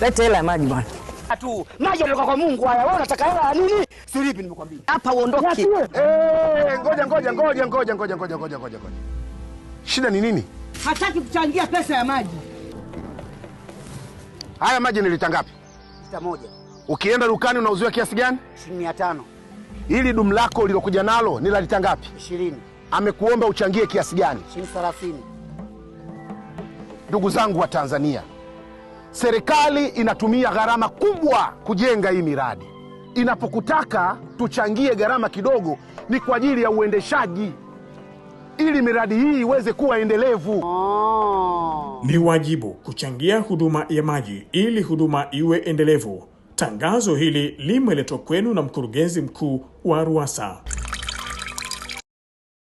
Lete hela ya maji bwana. Atu, maji yametoka kwa Mungu haya. Wewe unataka hela ya nini? Silipi nimekwambia. Hapa uondoke. Eh, ngoja ngoja ngoja ngoja ngoja ngoja ngoja ngoja. Shida ni nini? Hataki kuchangia pesa ya maji. Haya maji ni lita ngapi? Lita moja. Ukienda dukani unauziwa kiasi gani? Shilingi mia tano. Hili dumu lako lilokuja nalo ni la lita ngapi? Ishirini. Amekuomba uchangie kiasi gani? Shilingi thelathini. Ndugu zangu wa Tanzania serikali inatumia gharama kubwa kujenga hii miradi. Inapokutaka tuchangie gharama kidogo, ni kwa ajili ya uendeshaji ili miradi hii iweze kuwa endelevu. Ni wajibu kuchangia huduma ya maji ili huduma iwe endelevu. Tangazo hili limeletwa kwenu na mkurugenzi mkuu wa ruasa